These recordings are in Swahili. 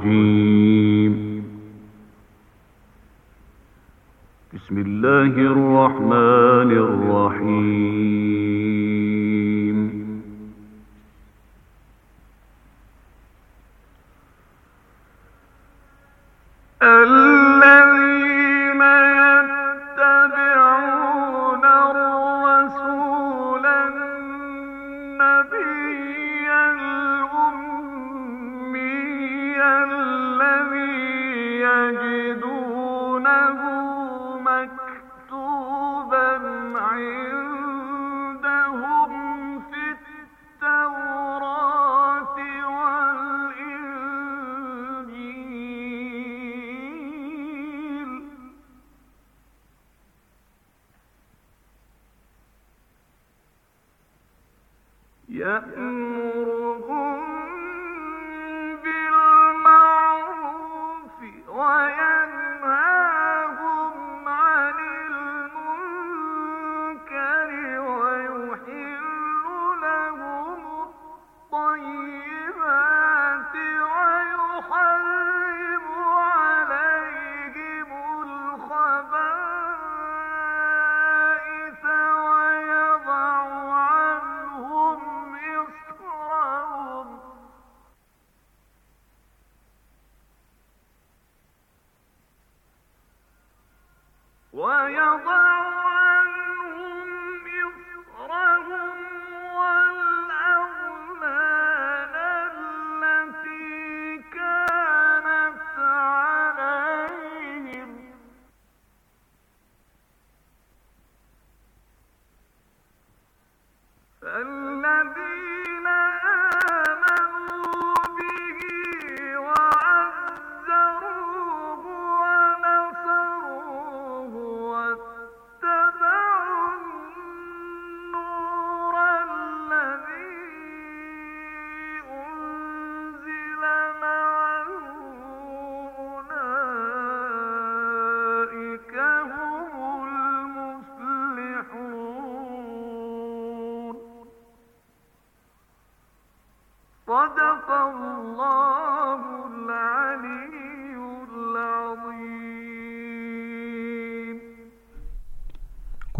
الرجيم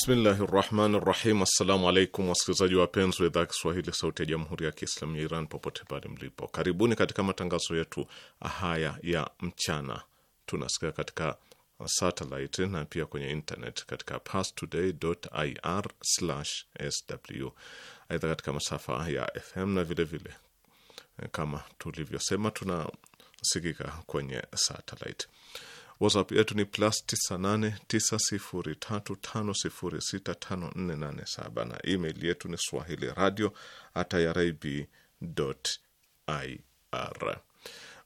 Bismillahi rahmani rahim. Assalamu alaikum wasikilizaji wapenzi wa idhaa ya Kiswahili sauti ya jamhuri ya Kiislamu ya Iran popote pale mlipo, karibuni katika matangazo yetu haya ya mchana. Tunasikia katika satelit na pia kwenye internet katika pastoday.ir/sw, aidha katika masafa ya FM na vilevile vile, kama tulivyosema tunasikika kwenye satelit WhatsApp yetu ni plus 989035065487 na email yetu ni swahili radio irib.ir.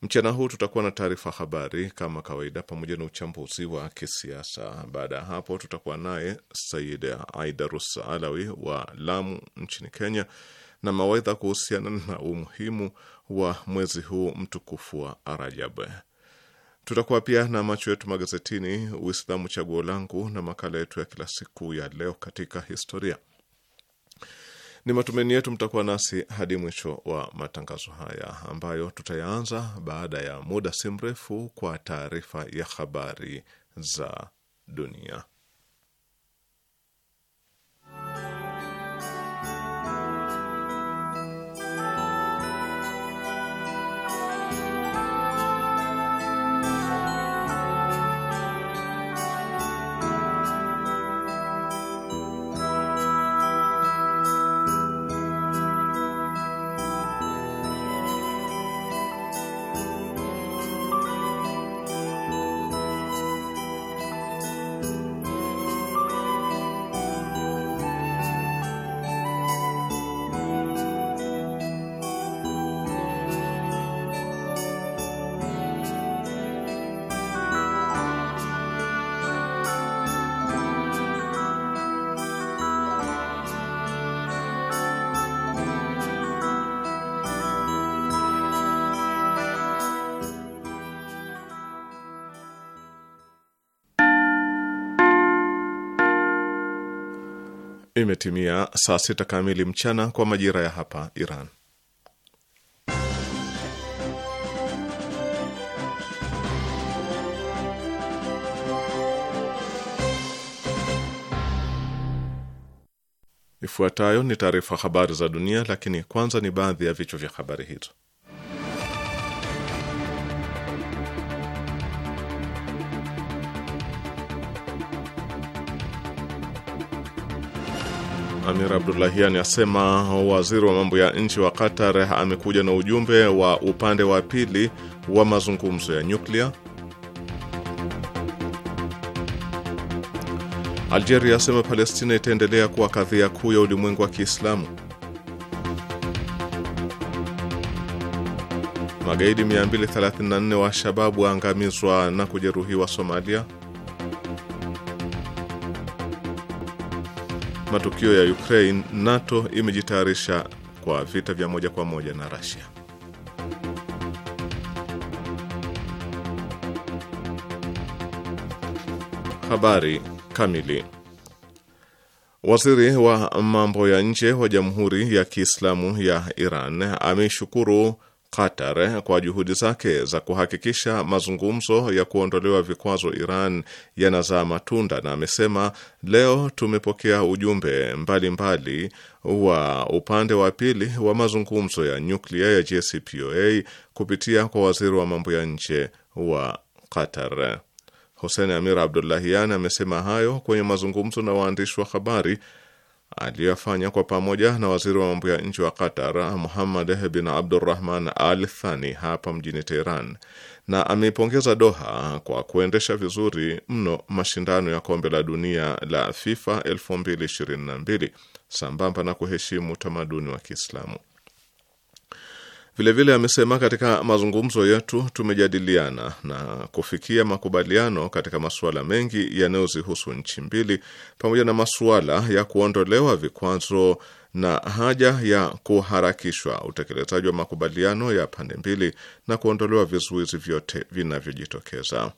Mchana huu tutakuwa na taarifa habari kama kawaida, pamoja na uchambuzi wa kisiasa. Baada ya hapo, tutakuwa naye Said Aidarus Alawi wa Lamu nchini Kenya na mawaidha kuhusiana na umuhimu wa mwezi huu mtukufu wa Rajab. Tutakuwa pia na macho yetu magazetini, Uislamu chaguo langu, na makala yetu ya kila siku ya leo katika historia. Ni matumaini yetu mtakuwa nasi hadi mwisho wa matangazo haya ambayo tutayaanza baada ya muda si mrefu kwa taarifa ya habari za dunia. Imetimia saa sita kamili mchana kwa majira ya hapa Iran. Ifuatayo ni taarifa habari za dunia, lakini kwanza ni baadhi ya vichwa vya habari hizo. Amir Abdullahian asema waziri wa mambo ya nchi wa Qatar amekuja na ujumbe wa upande wa pili wa mazungumzo ya nyuklia. Algeria asema Palestina itaendelea kuwa kadhia kuu ya ulimwengu wa Kiislamu. Magaidi 234 wa shababu waangamizwa na kujeruhiwa Somalia. matukio ya Ukraine, NATO imejitayarisha kwa vita vya moja kwa moja na Russia. Habari kamili. Waziri wa mambo ya nje wa Jamhuri ya Kiislamu ya Iran ameishukuru Qatar eh, kwa juhudi zake za kuhakikisha mazungumzo ya kuondolewa vikwazo Iran yanazaa matunda, na amesema leo tumepokea ujumbe mbalimbali mbali wa upande wa pili wa mazungumzo ya nyuklia ya JCPOA kupitia kwa waziri wa mambo ya nje wa Qatar. Hussein Amir Abdullahian amesema hayo kwenye mazungumzo na waandishi wa habari aliyofanya kwa pamoja na waziri wa mambo ya nchi wa Qatar Muhammad bin Abdurrahman Al Thani hapa mjini Teheran, na ameipongeza Doha kwa kuendesha vizuri mno mashindano ya kombe la dunia la FIFA 2022 sambamba na kuheshimu utamaduni wa Kiislamu. Vilevile amesema katika mazungumzo yetu tumejadiliana na kufikia makubaliano katika masuala mengi yanayozihusu nchi mbili, pamoja na masuala ya kuondolewa vikwazo na haja ya kuharakishwa utekelezaji wa makubaliano ya pande mbili na kuondolewa vizuizi vyote vinavyojitokeza,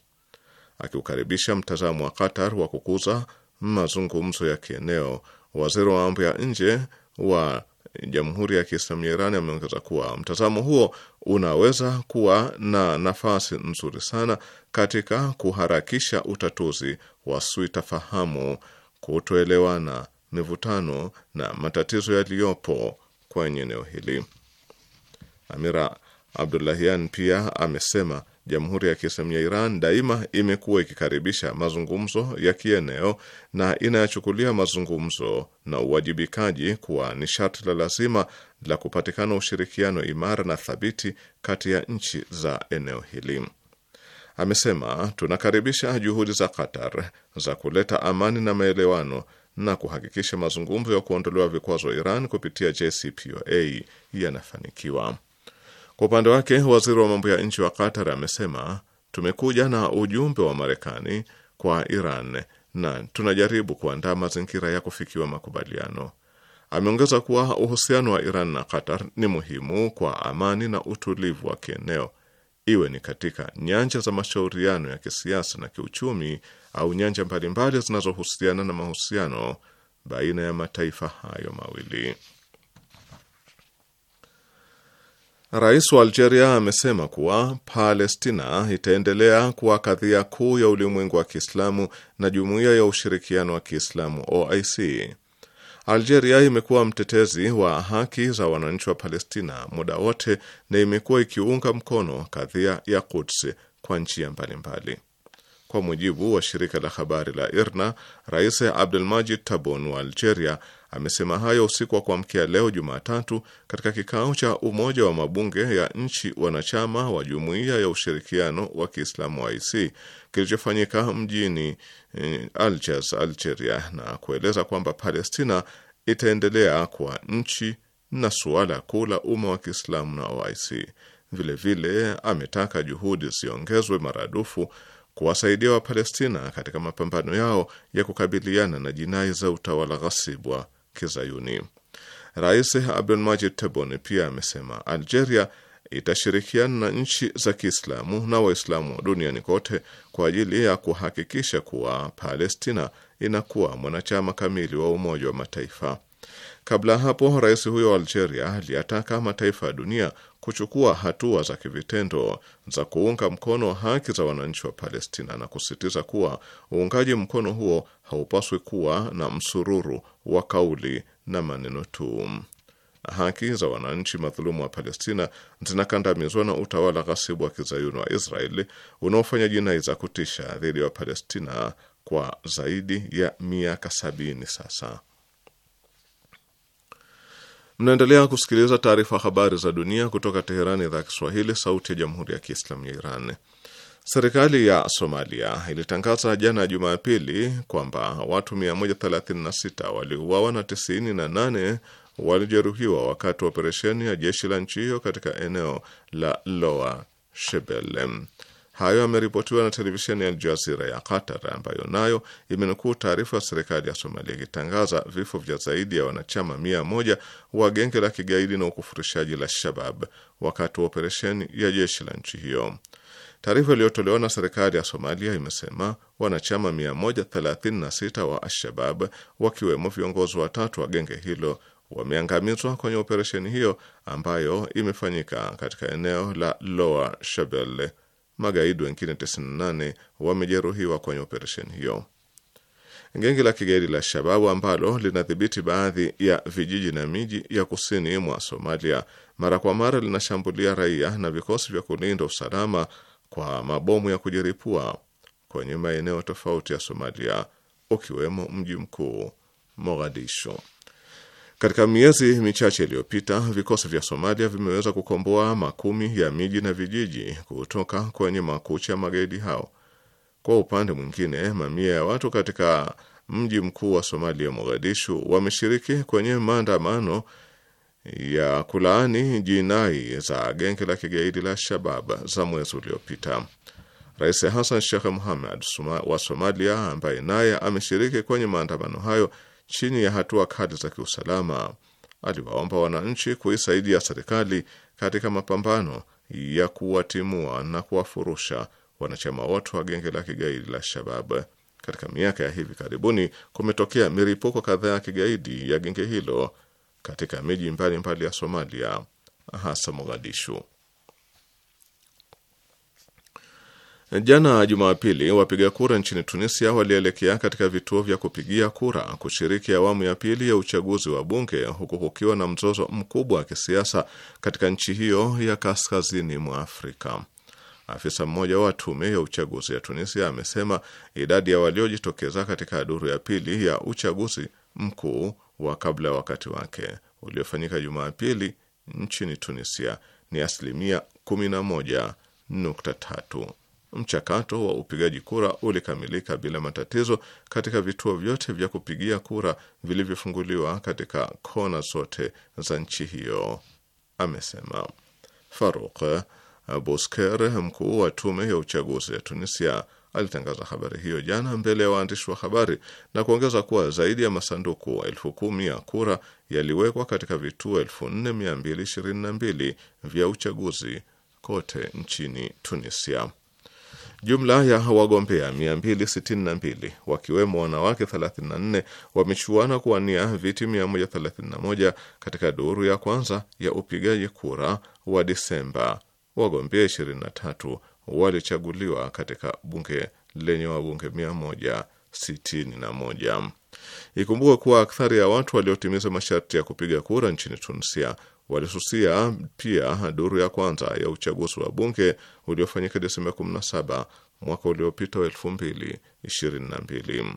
akiukaribisha mtazamo wa Qatar wa kukuza mazungumzo ya kieneo. Waziri wa mambo ya nje wa Jamhuri ya Kiislamu ya Iran ameongeza kuwa mtazamo huo unaweza kuwa na nafasi nzuri sana katika kuharakisha utatuzi wa kutoelewa kutoelewana, mivutano na matatizo yaliyopo kwenye eneo hili. Amira Abdullahian pia amesema Jamhuri ya Kiislamu ya Iran daima imekuwa ikikaribisha mazungumzo ya kieneo na inayochukulia mazungumzo na uwajibikaji kuwa ni sharti la lazima la kupatikana ushirikiano imara na thabiti kati ya nchi za eneo hili. Amesema, tunakaribisha juhudi za Qatar za kuleta amani na maelewano na kuhakikisha mazungumzo ya kuondolewa vikwazo Iran kupitia JCPOA yanafanikiwa. Kwa upande wake waziri wa mambo ya nchi wa Qatar amesema tumekuja na ujumbe wa Marekani kwa Iran na tunajaribu kuandaa mazingira ya kufikiwa makubaliano. Ameongeza kuwa uhusiano wa Iran na Qatar ni muhimu kwa amani na utulivu wa kieneo, iwe ni katika nyanja za mashauriano ya kisiasa na kiuchumi au nyanja mbalimbali zinazohusiana na mahusiano baina ya mataifa hayo mawili. Rais wa Algeria amesema kuwa Palestina itaendelea kuwa kadhia kuu ya ulimwengu wa Kiislamu na Jumuiya ya Ushirikiano wa Kiislamu OIC. Algeria imekuwa mtetezi wa haki za wananchi wa Palestina muda wote na imekuwa ikiunga mkono kadhia ya Quds kwa njia mbalimbali. Kwa mujibu wa shirika la habari la IRNA, Rais Abdelmajid Tabon wa Algeria amesema hayo usiku wa kuamkia leo Jumatatu katika kikao cha Umoja wa Mabunge ya nchi wanachama wa Jumuiya ya Ushirikiano wa Kiislamu IC kilichofanyika mjini eh, Algiers, Algeria, na kueleza kwamba Palestina itaendelea kuwa nchi na suala kuu la umma wa Kiislamu na OIC. Vilevile ametaka juhudi ziongezwe maradufu kuwasaidia Wapalestina katika mapambano yao ya kukabiliana na jinai za utawala ghasibu wa Kizayuni. Rais Abdelmajid Tebboune pia amesema Algeria itashirikiana na nchi za Kiislamu na Waislamu duniani kote kwa ajili ya kuhakikisha kuwa Palestina inakuwa mwanachama kamili wa Umoja wa Mataifa. Kabla hapo rais huyo wa Algeria aliyataka mataifa ya dunia kuchukua hatua za kivitendo za kuunga mkono haki za wananchi wa Palestina na kusisitiza kuwa uungaji mkono huo haupaswi kuwa na msururu wa kauli na maneno tu. Haki za wananchi madhulumu wa Palestina zinakandamizwa na utawala ghasibu wa kizayuni wa Israeli unaofanya jinai za kutisha dhidi ya Palestina kwa zaidi ya miaka sabini sasa. Mnaendelea kusikiliza taarifa habari za dunia kutoka Teherani, idhaa Kiswahili, sauti ya jamhuri ya kiislamu ya Iran. Serikali ya Somalia ilitangaza jana Jumapili kwamba watu 136 waliuawa na 98 walijeruhiwa wakati wa operesheni ya jeshi la nchi hiyo katika eneo la Loa shebelem Hayo yameripotiwa na televisheni ya Aljazira ya Qatar ambayo nayo imenukuu taarifa ya serikali ya Somalia ikitangaza vifo vya zaidi ya wanachama mia moja wa genge la kigaidi na ukufurishaji la Shabab wakati wa operesheni ya jeshi la nchi hiyo. Taarifa iliyotolewa na serikali ya Somalia imesema wanachama 136 wa Alshabab wakiwemo viongozi watatu wa genge hilo wameangamizwa kwenye operesheni hiyo ambayo imefanyika katika eneo la Lower Shabelle magaidi wengine 98 wamejeruhiwa kwenye operesheni hiyo. Genge la kigaidi la Shababu ambalo linadhibiti baadhi ya vijiji na miji ya kusini mwa Somalia mara kwa mara linashambulia raia na vikosi vya kulinda usalama kwa mabomu ya kujiripua kwenye maeneo tofauti ya Somalia ukiwemo mji mkuu Mogadishu. Katika miezi michache iliyopita vikosi vya Somalia vimeweza kukomboa makumi ya miji na vijiji kutoka kwenye makucha ya magaidi hao. Kwa upande mwingine, mamia ya watu katika mji mkuu wa Somalia, Mogadishu, wameshiriki kwenye maandamano ya kulaani jinai za genge la kigaidi la Shabab za mwezi uliopita. Rais Hassan Sheikh Mohamed wa Somalia, ambaye naye ameshiriki kwenye maandamano hayo chini ya hatua kali za kiusalama. Aliwaomba wananchi kuisaidia serikali katika mapambano ya kuwatimua na kuwafurusha wanachama wote wa genge la kigaidi la Shabab. Katika miaka ya hivi karibuni kumetokea miripuko kadhaa ya kigaidi ya genge hilo katika miji mbalimbali ya Somalia, hasa Mogadishu. Jana Jumapili, wapiga kura nchini Tunisia walielekea katika vituo vya kupigia kura kushiriki awamu ya pili ya uchaguzi wa bunge huku kukiwa na mzozo mkubwa wa kisiasa katika nchi hiyo ya kaskazini mwa Afrika. Afisa mmoja wa tume ya uchaguzi ya Tunisia amesema idadi ya waliojitokeza katika duru ya pili ya uchaguzi mkuu wa kabla ya wakati wake uliofanyika Jumapili nchini Tunisia ni asilimia 11.3 mchakato wa upigaji kura ulikamilika bila matatizo katika vituo vyote vya kupigia kura vilivyofunguliwa katika kona zote za nchi hiyo, amesema Faruk Busker, mkuu wa tume ya uchaguzi ya Tunisia. Alitangaza habari hiyo jana mbele ya waandishi wa habari na kuongeza kuwa zaidi ya masanduku elfu kumi ya kura yaliwekwa katika vituo 4222 vya uchaguzi kote nchini Tunisia. Jumla ya wagombea 262 wakiwemo wanawake 34 wamechuana kuwania viti 131 katika duru ya kwanza ya upigaji kura wa Disemba. Wagombea 23 walichaguliwa katika bunge lenye wabunge 161. Ikumbukwe kuwa akthari ya watu waliotimiza masharti ya kupiga kura nchini Tunisia walisusia pia duru ya kwanza ya uchaguzi wa bunge uliofanyika Desemba 17 mwaka uliopita wa 2022.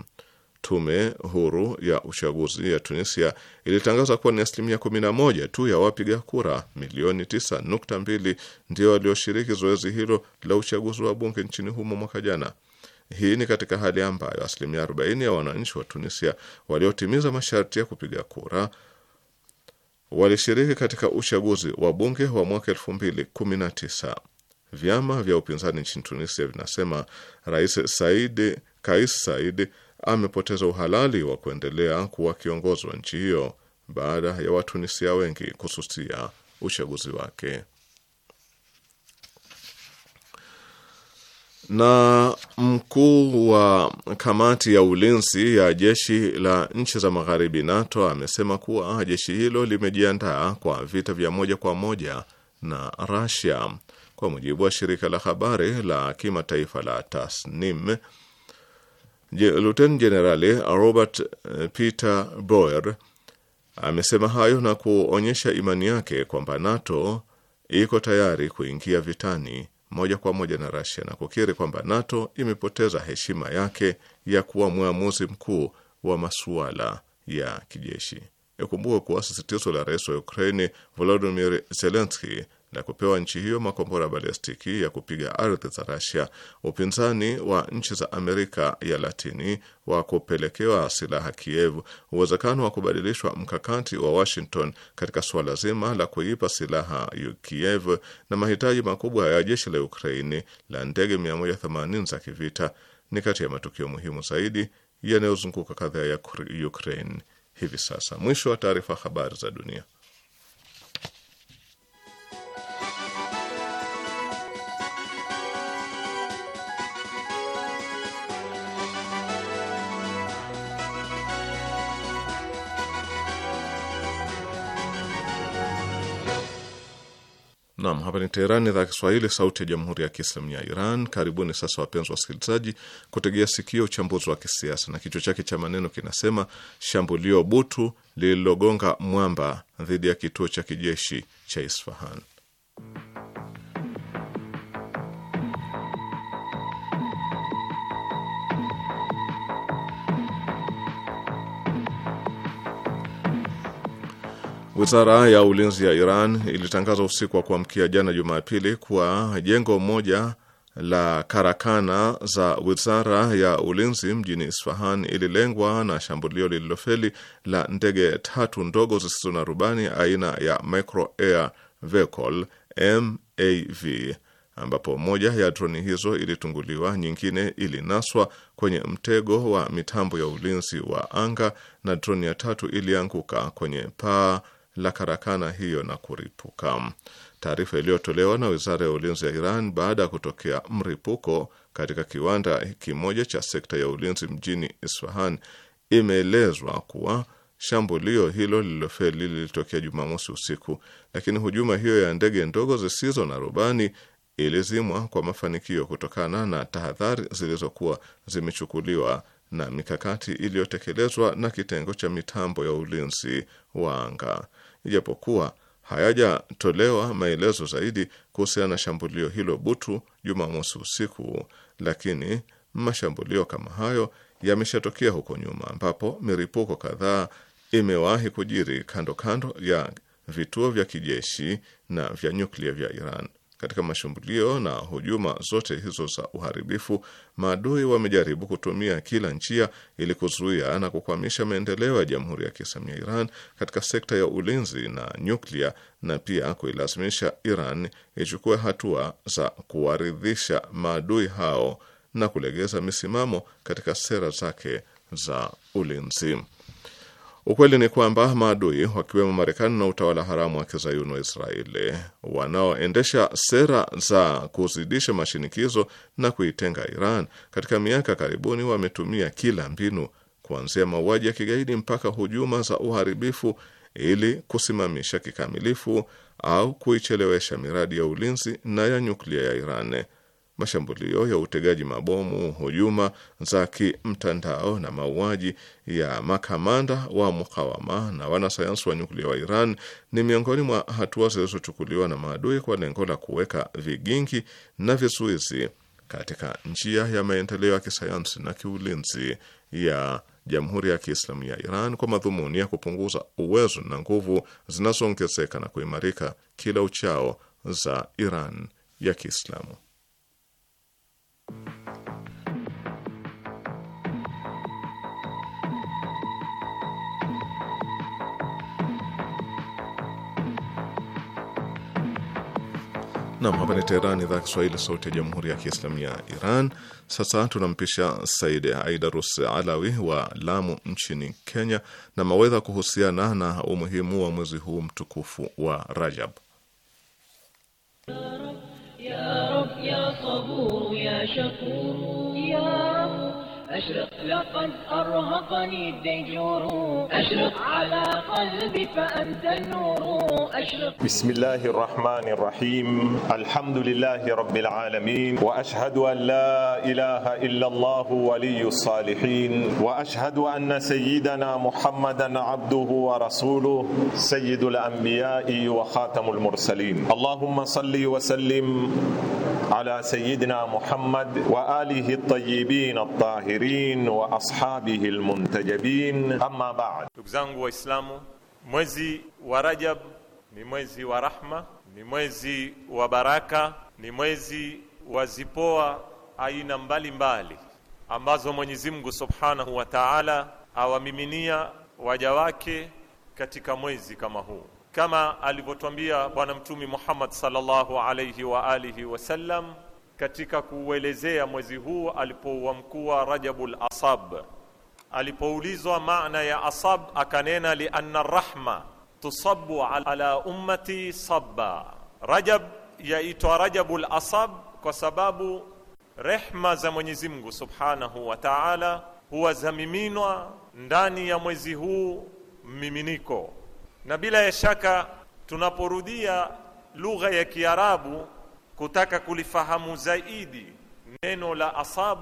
Tume huru ya uchaguzi ya Tunisia ilitangaza kuwa ni asilimia 11 tu ya wapiga kura milioni 9.2 ndio walioshiriki zoezi hilo la uchaguzi wa bunge nchini humo mwaka jana. Hii ni katika hali ambayo asilimia 40 ya wananchi wa Tunisia waliotimiza masharti ya kupiga kura walishiriki katika uchaguzi wa bunge wa mwaka tisa. Vyama vya upinzani nchini Tunisia vinasema Rais Said Kais Said amepoteza uhalali wa kuendelea kuwa kiongozi wa nchi hiyo baada ya Watunisia wengi kususia uchaguzi wake. Na mkuu wa kamati ya ulinzi ya jeshi la nchi za magharibi NATO amesema kuwa jeshi hilo limejiandaa kwa vita vya moja kwa moja na Russia. Kwa mujibu wa shirika la habari la kimataifa la Tasnim, Luteni Jenerali Robert eh, Peter Boer amesema hayo na kuonyesha imani yake kwamba NATO iko tayari kuingia vitani moja kwa moja na Rasia na kukiri kwamba NATO imepoteza heshima yake ya kuwa mwamuzi mkuu wa masuala ya kijeshi. Ikumbuke kuwa sisitizo la rais wa Ukraini Volodimir Zelenski la kupewa nchi hiyo makombora balistiki ya kupiga ardhi za Rasia, upinzani wa nchi za Amerika ya Latini wa kupelekewa silaha Kievu, uwezekano wa kubadilishwa mkakati wa Washington katika suala zima la kuipa silaha kiev na mahitaji makubwa ya jeshi la Ukraini la ndege 180 za kivita ni kati ya matukio muhimu zaidi yanayozunguka kadhaa ya Ukraine hivi sasa. Mwisho wa taarifa. Habari za dunia. Naam, hapa ni Teherani, idhaa ya Kiswahili, sauti ya jamhuri ya kiislamu ya Iran. Karibuni sasa, wapenzi wasikilizaji, kutegea sikio uchambuzi wa kisiasa na kichwa chake cha maneno kinasema: shambulio butu lililogonga mwamba dhidi ya kituo cha kijeshi cha Isfahan. Wizara ya ulinzi ya Iran ilitangaza usiku wa kuamkia jana Jumapili kuwa jengo moja la karakana za wizara ya ulinzi mjini Isfahan ililengwa na shambulio lililofeli la ndege tatu ndogo zisizo na rubani aina ya micro air vehicle MAV, ambapo moja ya droni hizo ilitunguliwa, nyingine ilinaswa kwenye mtego wa mitambo ya ulinzi wa anga na droni ya tatu ilianguka kwenye paa la karakana hiyo na kuripuka. Taarifa iliyotolewa na wizara ya ulinzi ya Iran baada ya kutokea mripuko katika kiwanda kimoja cha sekta ya ulinzi mjini Isfahan imeelezwa kuwa shambulio hilo lililofeli lilitokea Jumamosi usiku, lakini hujuma hiyo ya ndege ndogo zisizo na rubani ilizimwa kwa mafanikio kutokana na tahadhari zilizokuwa zimechukuliwa na mikakati iliyotekelezwa na kitengo cha mitambo ya ulinzi wa anga ijapokuwa hayajatolewa maelezo zaidi kuhusiana na shambulio hilo butu Jumamosi usiku, lakini mashambulio kama hayo yameshatokea huko nyuma, ambapo miripuko kadhaa imewahi kujiri kando kando ya vituo vya kijeshi na vya nyuklia vya Iran. Katika mashambulio na hujuma zote hizo za uharibifu, maadui wamejaribu kutumia kila njia ili kuzuia na kukwamisha maendeleo ya Jamhuri ya Kiislamu Iran katika sekta ya ulinzi na nyuklia, na pia kuilazimisha Iran ichukue hatua za kuwaridhisha maadui hao na kulegeza misimamo katika sera zake za ulinzi. Ukweli ni kwamba maadui wakiwemo Marekani na utawala haramu wa kizayuni wa Israeli wanaoendesha sera za kuzidisha mashinikizo na kuitenga Iran katika miaka karibuni wametumia kila mbinu, kuanzia mauaji ya kigaidi mpaka hujuma za uharibifu, ili kusimamisha kikamilifu au kuichelewesha miradi ya ulinzi na ya nyuklia ya Iran mashambulio ya utegaji mabomu, hujuma za kimtandao na mauaji ya makamanda wa mukawama na wanasayansi wa nyuklia wa Iran ni miongoni mwa hatua zilizochukuliwa na maadui kwa lengo la kuweka vigingi na vizuizi katika njia ya maendeleo ya kisayansi na kiulinzi ya Jamhuri ya Kiislamu ya Iran kwa madhumuni ya kupunguza uwezo na nguvu zinazoongezeka na kuimarika kila uchao za Iran ya Kiislamu. Nam, hapa ni Teheran, idhaa Kiswahili, sauti ya jamhuri ya kiislamu ya Iran. Sasa tunampisha Said Aidarus Alawi wa Lamu nchini Kenya na mawedha kuhusiana na umuhimu wa mwezi huu mtukufu wa Rajab. يا رب يا صبور يا شكور أشرق لقد أرهقني الدجور أشرق على قلبي فأنت النور أشرق بسم الله الرحمن الرحيم الحمد لله رب العالمين وأشهد أن لا إله إلا الله ولي الصالحين وأشهد أن سيدنا محمدا عبده ورسوله سيد الأنبياء وخاتم المرسلين اللهم صل وسلم على سيدنا محمد وآله الطيبين الطاهرين tahirin wa ashabihi almuntajabin, amma ba'd. Ndugu zangu Waislamu, mwezi wa Rajab ni mwezi wa rahma, ni mwezi wa baraka, ni mwezi wa zipoa aina mbalimbali ambazo Mwenyezi Mungu Subhanahu wa Ta'ala awamiminia waja wake katika mwezi kama huu, kama alivyotwambia Bwana Mtume Muhammad sallallahu alayhi wa alihi wasallam katika kuuelezea mwezi huu wa Rajabul Asab. Alipoulizwa maana ya asab, akanena anna rahma tusabu ala ummati sabba. Rajab yaitwa Rajabul Asab kwa sababu rehma za Mwenyezi Mungu Subhanahu wa Ta'ala huwa zamiminwa ndani ya mwezi huu miminiko na bila ya shaka tunaporudia lugha ya Kiarabu kutaka kulifahamu zaidi neno la asab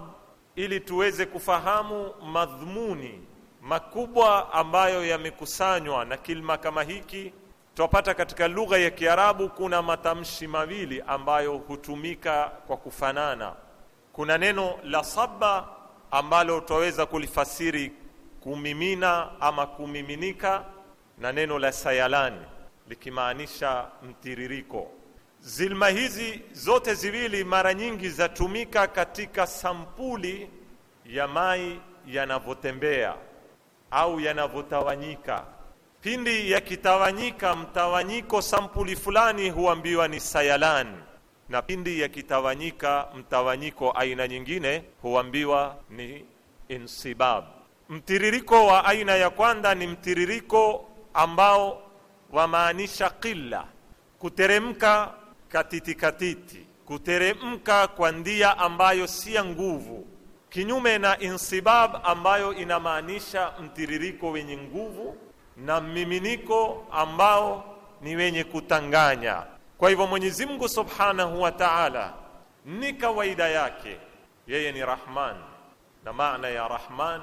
ili tuweze kufahamu madhumuni makubwa ambayo yamekusanywa na kilma kama hiki. Twapata katika lugha ya Kiarabu kuna matamshi mawili ambayo hutumika kwa kufanana. Kuna neno la saba ambalo twaweza kulifasiri kumimina ama kumiminika, na neno la sayalani likimaanisha mtiririko Zilma hizi zote ziwili mara nyingi zatumika katika sampuli ya mai yanavyotembea au yanavyotawanyika. Pindi yakitawanyika mtawanyiko sampuli fulani huambiwa ni sayalan, na pindi yakitawanyika mtawanyiko aina nyingine huambiwa ni insibab. Mtiririko wa aina ya kwanza ni mtiririko ambao wamaanisha qilla, kuteremka katiti katiti, kuteremka kwa ndia ambayo si ya nguvu, kinyume na insibab ambayo inamaanisha mtiririko wenye nguvu na mmiminiko ambao ni wenye kutanganya. Kwa hivyo Mwenyezi Mungu Subhanahu wa Ta'ala, ni kawaida yake yeye ni Rahman, na maana ya Rahman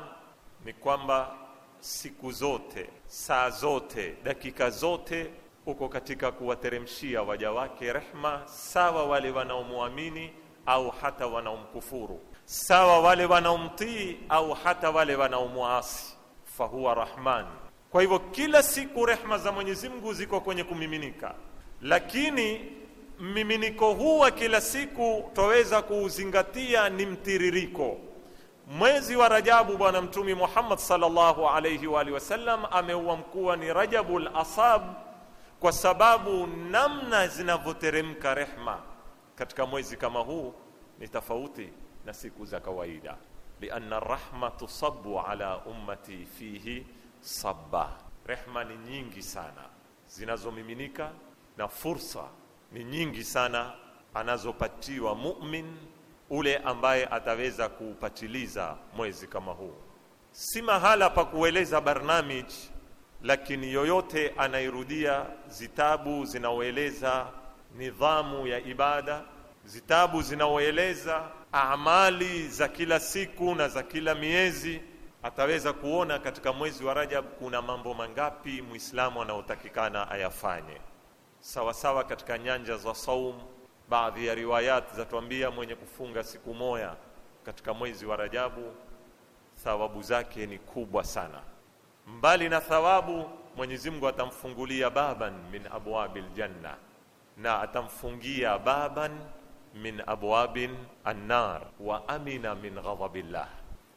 ni kwamba siku zote, saa zote, dakika zote uko katika kuwateremshia waja wake rehma, sawa wale wanaomwamini au hata wanaomkufuru, sawa wale wanaomtii au hata wale wanaomwasi. Fahuwa rahman. Kwa hivyo kila siku rehma za Mwenyezi Mungu ziko kwenye kumiminika, lakini mmiminiko huu wa kila siku twaweza kuuzingatia ni mtiririko. Mwezi wa Rajabu, Bwana Mtume Muhammad sallallahu alayhi wa alihi wasallam ameuamkua ni Rajabul Asab kwa sababu namna zinavyoteremka rehma katika mwezi kama huu ni tofauti na siku za kawaida lianna rahma tusabu ala ummati fihi sabba rehma ni nyingi sana zinazomiminika na fursa ni nyingi sana anazopatiwa mumin ule ambaye ataweza kuupatiliza mwezi kama huu si mahala pa kueleza barnamiji lakini yoyote anairudia zitabu zinaoeleza nidhamu ya ibada, zitabu zinaoeleza amali za kila siku na za kila miezi, ataweza kuona katika mwezi wa Rajab kuna mambo mangapi Muislamu anaotakikana ayafanye sawasawa sawa katika nyanja za saum. Baadhi ya riwayat zatuambia mwenye kufunga siku moja katika mwezi wa Rajabu thawabu zake ni kubwa sana. Mbali na thawabu, Mwenyezi Mungu atamfungulia baban min abwabil janna, na atamfungia baban min abwabin annar, wa amina min ghadabillah,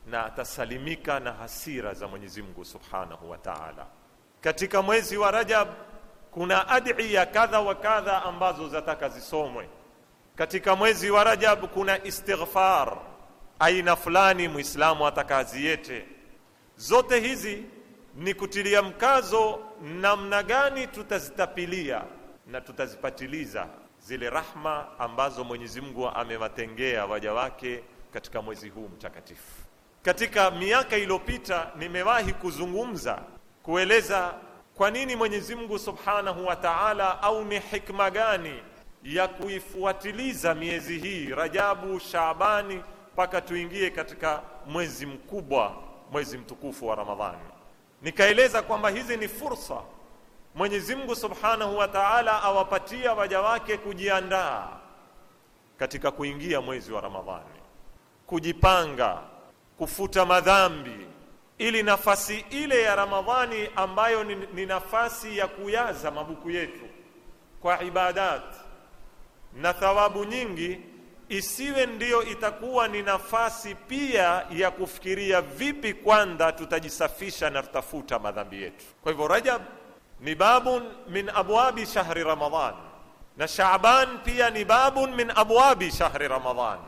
na atasalimika na hasira za Mwenyezi Mungu subhanahu wa ta'ala. Katika mwezi wa Rajab kuna adhiya kadha wa kadha ambazo zataka zisomwe katika mwezi wa Rajab. Kuna istighfar aina fulani muislamu atakaziete. Zote hizi ni kutilia mkazo namna gani tutazitapilia na tutazipatiliza zile rahma ambazo Mwenyezi Mungu amewatengea waja wake katika mwezi huu mtakatifu. Katika miaka iliyopita nimewahi kuzungumza kueleza kwa nini Mwenyezi Mungu Subhanahu wa Ta'ala, au ni hikma gani ya kuifuatiliza miezi hii Rajabu, Shaabani mpaka tuingie katika mwezi mkubwa, mwezi mtukufu wa Ramadhani nikaeleza kwamba hizi ni fursa Mwenyezi Mungu Subhanahu wa Ta'ala awapatia waja wake kujiandaa katika kuingia mwezi wa Ramadhani, kujipanga, kufuta madhambi, ili nafasi ile ya Ramadhani ambayo ni, ni nafasi ya kuyaza mabuku yetu kwa ibadat na thawabu nyingi isiwe ndiyo itakuwa ni nafasi pia ya kufikiria vipi kwanza tutajisafisha na tutafuta madhambi yetu. Kwa hivyo Rajab ni babun min abwabi shahri Ramadhan, na Shaaban pia ni babun min abwabi shahri Ramadhan.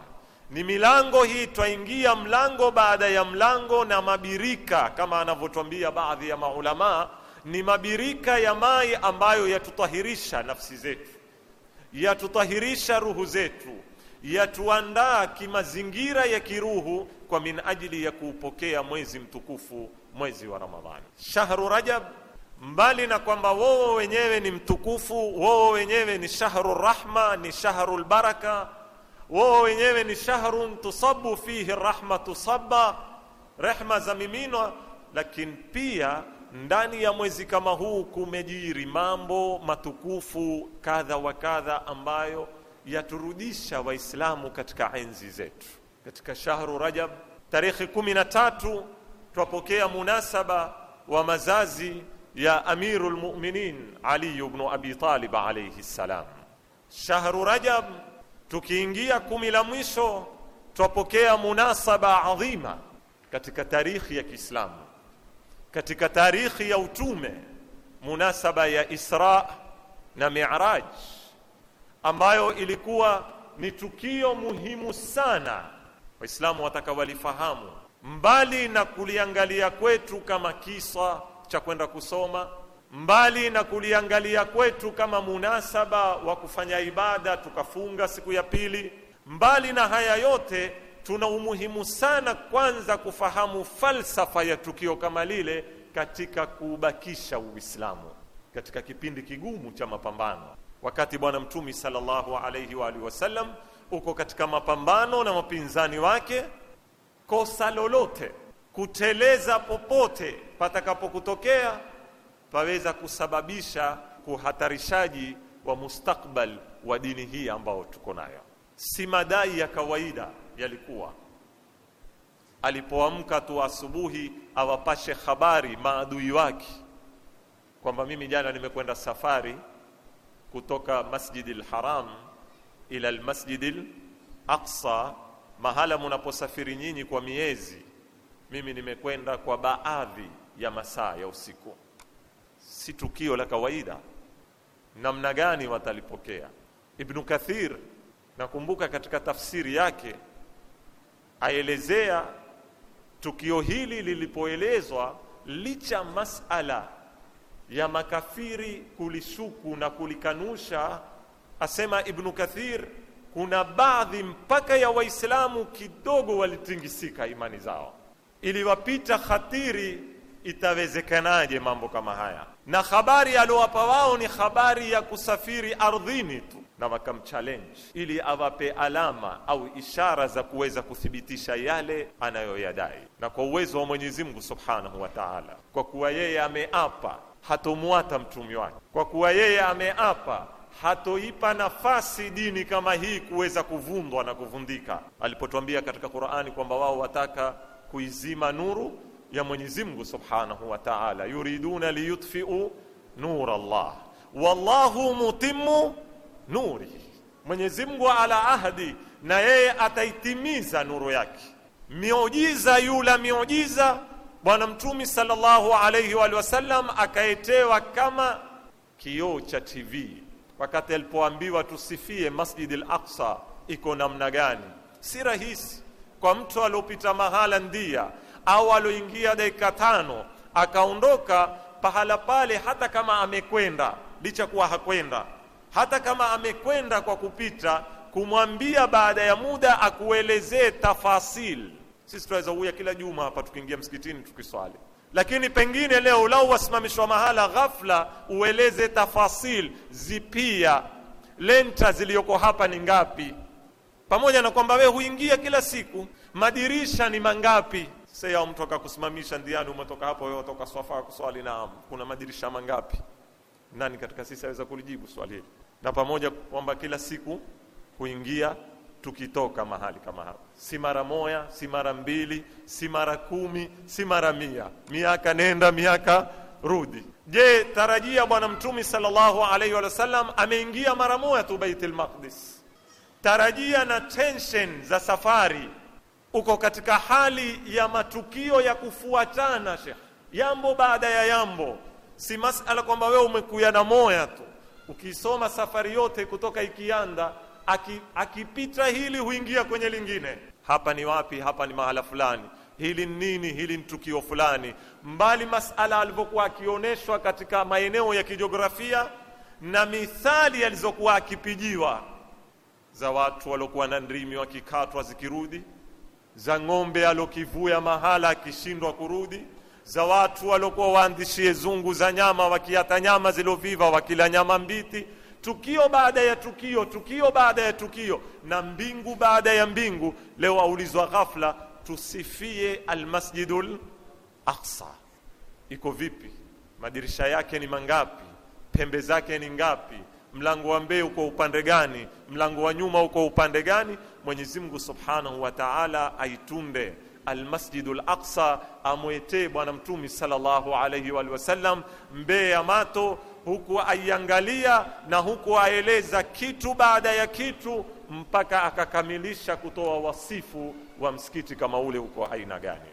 Ni milango hii, twaingia mlango baada ya mlango, na mabirika kama anavyotwambia baadhi ya maulamaa ni mabirika ya mai ambayo yatutahirisha nafsi zetu, yatutahirisha ruhu zetu yatuandaa kimazingira ya kiruhu kwa min ajili ya kuupokea mwezi mtukufu, mwezi wa Ramadhani, shahru Rajab. Mbali na kwamba wowo wenyewe ni mtukufu, wowo wenyewe ni shahru rahma, ni shahru lbaraka, wowo wenyewe ni shahrun tusabu fihi rahma tusaba, rehma za miminwa. Lakini pia ndani ya mwezi kama huu kumejiri mambo matukufu kadha wa kadha ambayo yaturudisha Waislamu katika enzi zetu. Katika shahru Rajab tarehe kumi na tatu twapokea munasaba wa mazazi ya Amiru lmuminin Ali bnu Abi Talib alaihi ssalam. Shahru Rajab tukiingia kumi la mwisho twapokea munasaba adhima katika tarikhi ya Kiislamu, katika tarikhi ya utume, munasaba ya Isra na Miraj ambayo ilikuwa ni tukio muhimu sana waislamu watakawalifahamu mbali na kuliangalia kwetu kama kisa cha kwenda kusoma mbali na kuliangalia kwetu kama munasaba wa kufanya ibada tukafunga siku ya pili mbali na haya yote tuna umuhimu sana kwanza kufahamu falsafa ya tukio kama lile katika kuubakisha uislamu katika kipindi kigumu cha mapambano wakati bwana mtumi sallallahu alayhi wa alihi wasallam uko katika mapambano na wapinzani wake kosa lolote kuteleza popote patakapokutokea paweza kusababisha kuhatarishaji wa mustakbal wa dini hii ambao tuko nayo si madai ya kawaida yalikuwa alipoamka tu asubuhi awapashe habari maadui wake kwamba mimi jana nimekwenda safari kutoka Masjidil Haram ila Masjidil Aqsa, mahala mnaposafiri nyinyi kwa miezi. Mimi nimekwenda kwa baadhi ya masaa ya usiku, si tukio la kawaida. Namna gani watalipokea? Ibnu Kathir nakumbuka katika tafsiri yake aelezea tukio hili lilipoelezwa, licha masala ya makafiri kulisuku na kulikanusha, asema Ibnu Kathir, kuna baadhi mpaka ya Waislamu kidogo walitingisika imani zao, iliwapita khatiri. Itawezekanaje mambo kama haya? Na habari aliowapa wao ni habari ya kusafiri ardhini tu, na wakamchallenge ili awape alama au ishara za kuweza kuthibitisha yale anayoyadai, na kwa uwezo wa Mwenyezi Mungu Subhanahu wa Ta'ala, kwa kuwa yeye ameapa hatomwata mtumi wake, kwa kuwa yeye ameapa hatoipa nafasi dini kama hii kuweza kuvundwa na kuvundika, alipotwambia katika Qur'ani kwamba wao wataka kuizima nuru ya Mwenyezi Mungu Subhanahu wa Ta'ala, yuriduna liyutfi'u nur Allah wallahu mutimmu nuri, Mwenyezi Mungu ala ahdi, na yeye ataitimiza nuru yake. Miujiza yula miujiza Bwana Mtume sallallahu alayhi wa sallam akaetewa kama kioo cha TV wakati alipoambiwa tusifie Masjid al-Aqsa iko namna gani. Si rahisi kwa mtu aliopita mahala ndia au alioingia dakika tano akaondoka pahala pale, hata kama amekwenda licha kuwa hakwenda, hata kama amekwenda kwa kupita, kumwambia baada ya muda akuelezee tafasil sisi tunaweza uya kila juma hapa tukiingia msikitini tukiswali, lakini pengine leo lau wasimamishwa mahala ghafla, ueleze tafasil zipia lenta ziliyoko hapa ni ngapi, pamoja na kwamba wewe huingia kila siku, madirisha ni mangapi? Sasa mtu akakusimamisha ndiani, umetoka hapo wewe utoka swafa kuswali, naam, kuna madirisha mangapi? Nani katika sisi aweza kulijibu swali hili? Na pamoja kwamba kila siku huingia tukitoka mahali kama hapa, si mara moya, si mara mbili, si mara kumi, si mara mia, miaka nenda miaka rudi. Je, tarajia Bwana Mtume sallallahu alaihi wasallam ameingia mara moja tu Baitul Maqdis? Tarajia na tension za safari, uko katika hali ya matukio ya kufuatana, Sheikh, jambo baada ya jambo, si masala kwamba wewe umekuya na moya tu. Ukisoma safari yote kutoka ikianda akipita aki hili huingia kwenye lingine. Hapa ni wapi? Hapa ni mahala fulani. Hili ni nini? Hili ni tukio fulani. Mbali masala alivyokuwa akioneshwa katika maeneo ya kijiografia na mithali alizokuwa akipijiwa za watu waliokuwa na ndimi wakikatwa zikirudi, za ng'ombe alokivuya mahala akishindwa kurudi, za watu waliokuwa waandishie zungu za nyama wakiata nyama ziloviva wakila nyama mbiti tukio baada ya tukio, tukio baada ya tukio, na mbingu baada ya mbingu. Leo aulizwa ghafla, tusifie almasjidul Aqsa iko vipi? Madirisha yake ni mangapi? Pembe zake ni ngapi? Mlango wa mbele uko upande gani? Mlango wa nyuma uko upande gani? Mwenyezi Mungu Subhanahu wa Ta'ala aitunde Almasjidul Aqsa, amwetee Bwana Mtumi sallallahu alayhi wa sallam mbee ya mato huku aiangalia na huku aeleza kitu baada ya kitu mpaka akakamilisha kutoa wasifu wa msikiti kama ule uko aina gani.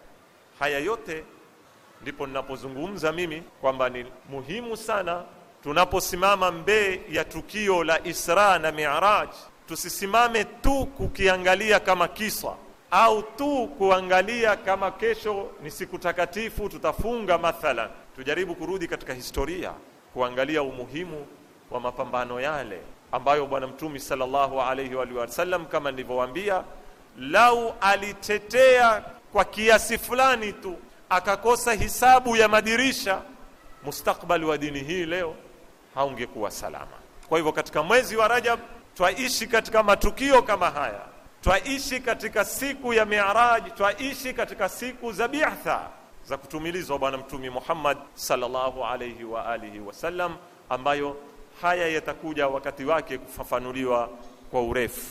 Haya yote ndipo ninapozungumza mimi kwamba ni muhimu sana tunaposimama mbee ya tukio la Isra na Mi'raj, tusisimame tu kukiangalia kama kisa au tu kuangalia kama kesho ni siku takatifu tutafunga mathalan. Tujaribu kurudi katika historia kuangalia umuhimu wa mapambano yale ambayo Bwana Mtume sallallahu alayhi wa sallam, kama nilivyowaambia, lau alitetea kwa kiasi fulani tu akakosa hisabu ya madirisha, mustakbali wa dini hii leo haungekuwa salama. Kwa hivyo katika mwezi wa Rajab twaishi katika matukio kama haya, twaishi katika siku ya Mi'raj, twaishi katika siku za Bi'tha za kutumilizwa Bwana mtumi Muhammad sallallahu alayhi wa alihi wasallam, ambayo haya yatakuja wakati wake kufafanuliwa kwa urefu.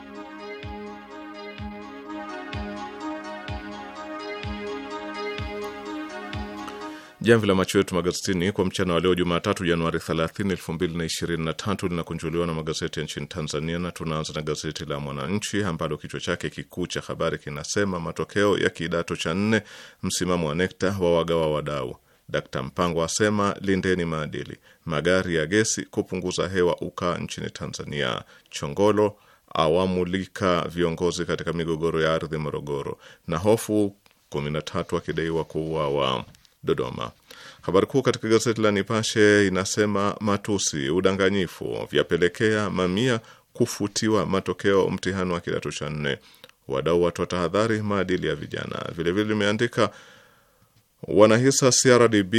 Jamvi la macho yetu magazetini kwa mchana wa leo Jumatatu, Januari 30, 2023 linakunjuliwa na magazeti ya nchini Tanzania, na tunaanza na gazeti la Mwananchi ambalo kichwa chake kikuu cha habari kinasema matokeo ya kidato cha nne, msimamo wa NECTA wa wagawa wadau, Dkt Mpango asema lindeni maadili, magari ya gesi kupunguza hewa ukaa nchini Tanzania, Chongolo awamulika viongozi katika migogoro ya ardhi Morogoro, na hofu 13 akidaiwa kuuawa Dodoma. Habari kuu katika gazeti la Nipashe inasema matusi, udanganyifu vyapelekea mamia kufutiwa matokeo mtihani wa kidato cha nne, wadau watoa tahadhari maadili ya vijana. Vilevile limeandika wanahisa CRDB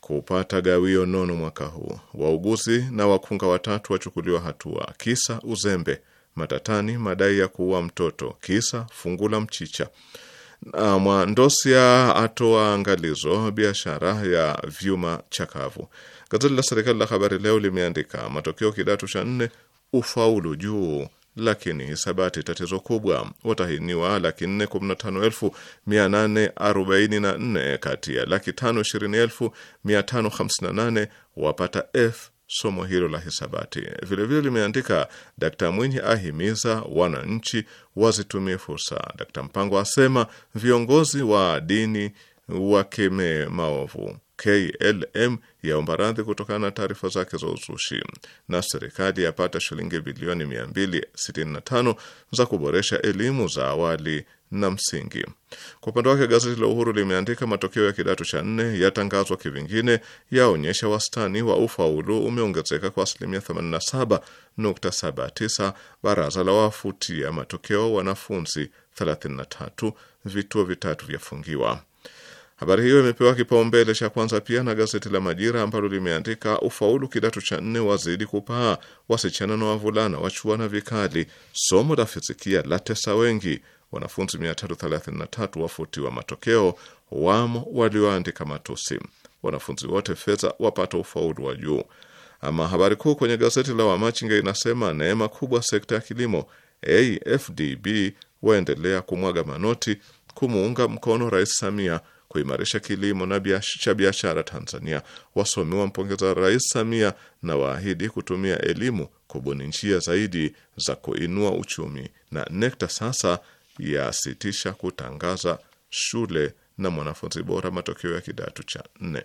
kupata gawio nono mwaka huu, wauguzi na wakunga watatu wachukuliwa hatua kisa uzembe, matatani madai ya kuua mtoto kisa fungula mchicha Mwandosia atoa angalizo biashara ya vyuma chakavu. Gazeti la serikali la Habari Leo limeandika matokeo kidato cha nne ufaulu juu, lakini hisabati tatizo kubwa. Watahiniwa laki nne kumi na tano elfu mia nane arobaini na nne kati ya laki tano ishirini elfu mia tano hamsini na nane wapata F somo hilo la hisabati. Vilevile limeandika Dkt Mwinyi ahimiza wananchi wazitumie fursa. Dkt Mpango asema viongozi wa dini wakemee maovu. KLM yaomba radhi kutokana na taarifa zake za uzushi, na serikali yapata shilingi bilioni 265 za kuboresha elimu za awali na msingi. Kwa upande wake gazeti la Uhuru limeandika matokeo ya kidato cha nne yatangazwa kivingine, yaonyesha wastani wa ufaulu umeongezeka kwa asilimia 87.79. Baraza la wafutia matokeo wanafunzi 33, vituo vitatu vyafungiwa. Habari hiyo imepewa kipaumbele cha kwanza pia na gazeti la Majira ambalo limeandika ufaulu kidato cha nne wazidi kupaa, wasichana na wavulana wachuana vikali, somo la fizikia la tesa wengi Wanafunzi 333 wafutiwa matokeo, wamo walioandika matusi. Wanafunzi wote fedha wapata ufaulu wa juu. Ama habari kuu kwenye gazeti la Wamachinga inasema neema kubwa sekta ya kilimo, AFDB waendelea kumwaga manoti kumuunga mkono Rais Samia kuimarisha kilimo na cha biashara Tanzania. Wasomi wampongeza Rais Samia na waahidi kutumia elimu kubuni njia zaidi za kuinua uchumi. Na NECTA sasa yasitisha kutangaza shule na mwanafunzi bora matokeo ya kidato cha nne.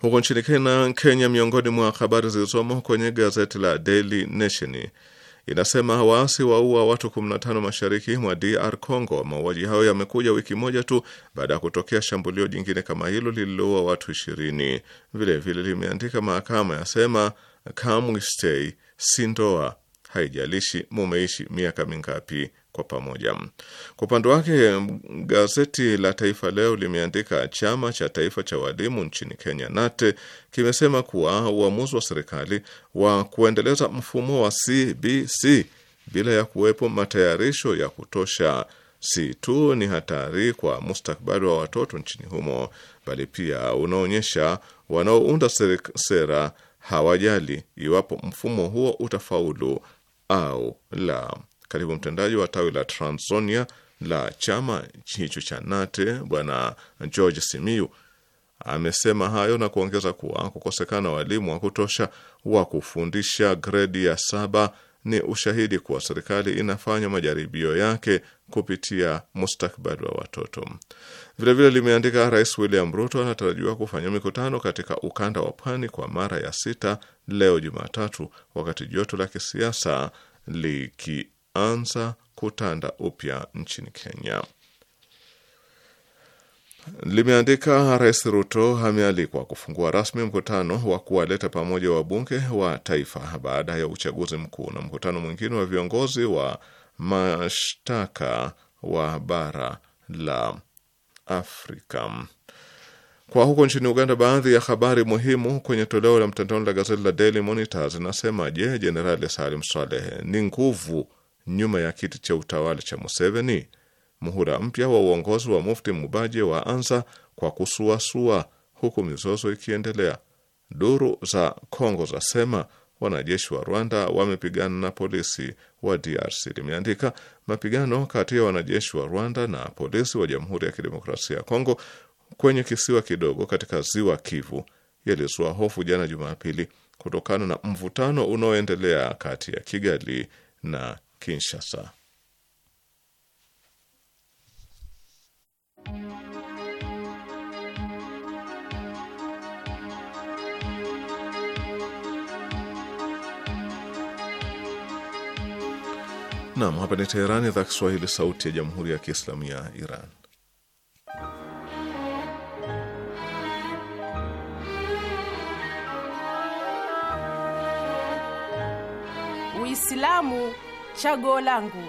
Huko nchini Kenya, miongoni mwa habari zilizomo kwenye gazeti la Daily Nation inasema waasi waua watu 15 mashariki mwa DR Congo. Mauaji hayo yamekuja wiki moja tu baada ya kutokea shambulio jingine kama hilo lililoua watu 20. Vilevile limeandika mahakama yasema kamwe stay si ndoa haijalishi mumeishi miaka mingapi kwa pamoja. Kwa upande wake, gazeti la Taifa Leo limeandika chama cha taifa cha walimu nchini Kenya, NATE, kimesema kuwa uamuzi wa serikali wa kuendeleza mfumo wa CBC bila ya kuwepo matayarisho ya kutosha si tu ni hatari kwa mustakabali wa watoto nchini humo, bali pia unaonyesha wanaounda sera hawajali iwapo mfumo huo utafaulu au la. Katibu mtendaji wa tawi la Transonia la chama hicho cha Nate Bwana George Simiu amesema hayo na kuongeza kuwa kukosekana walimu wa kutosha wa kufundisha gredi ya saba ni ushahidi kuwa serikali inafanya majaribio yake kupitia mustakbali wa watoto. Vilevile limeandika, Rais William Ruto anatarajiwa kufanya mikutano katika ukanda wa pwani kwa mara ya sita leo Jumatatu, wakati joto la kisiasa likianza kutanda upya nchini Kenya limeandika Rais Ruto amealikwa kufungua rasmi mkutano wa kuwaleta pamoja wabunge wa taifa baada ya uchaguzi mkuu na mkutano mwingine wa viongozi wa mashtaka wa bara la Afrika. Kwa huko nchini Uganda, baadhi ya habari muhimu kwenye toleo la mtandaoni la gazeti la Daily Monitor zinasema: Je, Jenerali Salim Saleh ni nguvu nyuma ya kiti cha utawala cha Museveni? muhura mpya wa uongozi wa Mufti Mubaje wa kwa kusuasua huku mizozo ikiendelea. Duru za Kongo zasema wanajeshi wa Rwanda wamepigana na polisi wa DRC, limeandika. Mapigano kati ya wanajeshi wa Rwanda na polisi wa Jamhuri ya Kidemokrasia ya Kongo kwenye kisiwa kidogo katika ziwa Kivu yalizua hofu jana Jumapili kutokana na mvutano unaoendelea kati ya Kigali na Kinshasa. Nam, hapa ni Teherani, idhaa Kiswahili, sauti ya jamhuri ya kiislamu ya Iran. Uislamu chaguo langu.